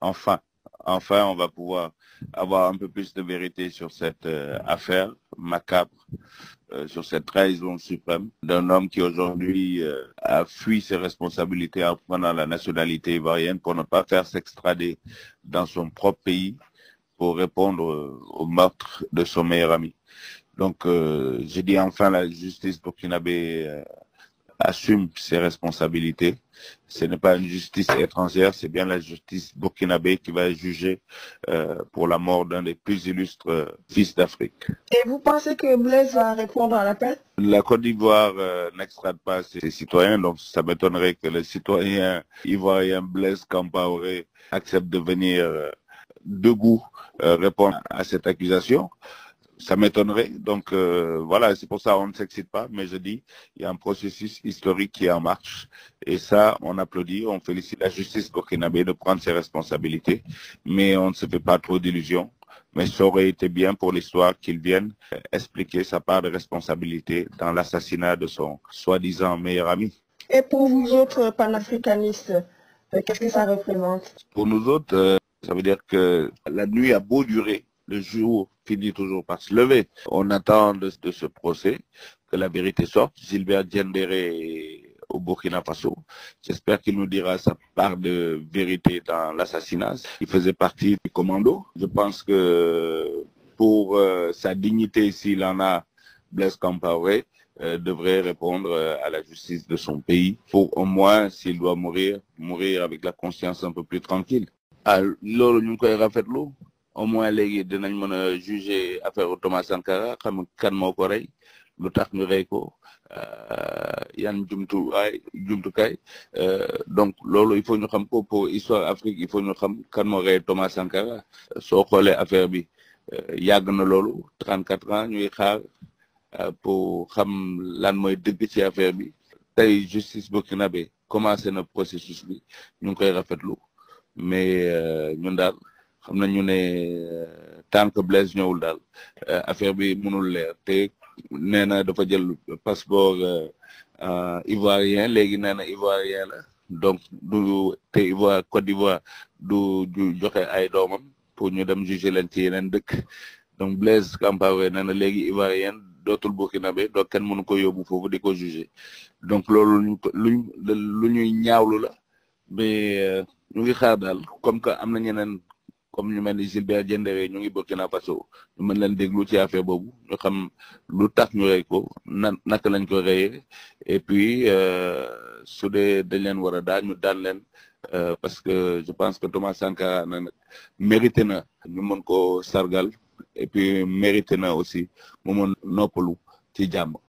enfin, enfin, on va pouvoir avoir un peu plus de vérité sur cette euh, affaire macabre, euh, sur cette trahison suprême d'un homme qui aujourd'hui euh, a fui ses responsabilités en prenant la nationalité ivoirienne pour ne pas faire s'extrader dans son propre pays pour répondre euh, au meurtre de son meilleur ami. j'ai dit enfin la justice burkinabé assume ses responsabilités. Ce n'est pas une justice étrangère, c'est bien la justice burkinabé qui va juger euh, pour la mort d'un des plus illustres euh, fils d'Afrique. Et vous pensez que Blaise va répondre à l'appel La Côte d'Ivoire euh, n'extrade pas ses citoyens, donc ça m'étonnerait que le citoyen ivoirien Blaise Campaoré accepte de venir euh, de euh, répondre à cette accusation. ça m'étonnerait. Donc euh, voilà, c'est pour ça on ne s'excite pas, mais je dis, il y a un processus historique qui est en marche. Et ça, on applaudit, on félicite la justice burkinabé de prendre ses responsabilités, mais on ne se fait pas trop d'illusions. Mais ça aurait été bien pour l'histoire qu'il vienne expliquer sa part de responsabilité dans l'assassinat de son soi-disant meilleur ami. Et pour vous autres panafricanistes, euh, qu'est-ce que ça représente le jour finit toujours par se lever. On attend de, ce procès que la vérité sorte. Gilbert Diendéré au Burkina Faso. J'espère qu'il nous dira sa part de vérité dans l'assassinat. Il faisait partie du commando. Je pense que pour euh, sa dignité, s'il en a, Blaise Compaoré euh, devrait répondre euh, à la justice de son pays pour au moins, s'il doit mourir, avec la conscience un peu plus tranquille. Ah, loolu ñu ngi koy rafetlu au moins léegi dinañ mën a juger affaire Thomas Sankara xam kan moo ko rey lu tax ñu rey ko euh, yan jumtu ay jumtukaay euh, donc loolu il faut ñu xam ko pour histoire Afrique il faut ñu xam kan moo rey Thomas Sankara soo xoolee affaire bi euh, yàgg na loolu 34 ans ñuy xaar pour xam lan mooy dëgg ci affaire bi tey justice burkinabé commencé na processus bi ñu ngi koy rafetlu mais ñun daal xam nañu ne euh, tant que Blaise ñëwul daal euh, affaire bi mënul leer te nee na dafa jël passeport euh, ivoirien léegi nee na ivoirien la donc du te Ivoire Côte d'Ivoire du du joxe ay doomam pour ñu dem juger leen ci yeneen dëkk donc Blaise Compaoré nee na léegi ivoirien dootul burkinabé donc kenn mënu ko yóbbu foofu di ko juger donc loolu luñ lu ñuy ñaawlu la mais ñu ngi xaar daal comme que am na ñeneen comme ñu mel ni Gilbert Diendéré ñu ngi Burkina Faso ñu mën leen déglu ci affaire boobu ñu xam lu tax ñu rey ko nan naka lañ ko reyee et puis euh, su dee dañ leen war a daal ñu daan leen euh, parce que je pense que Thomas Sankara na nag mérité na ñu mën ko sargal et puis mérité aussi momon mën noppalu ci jàmm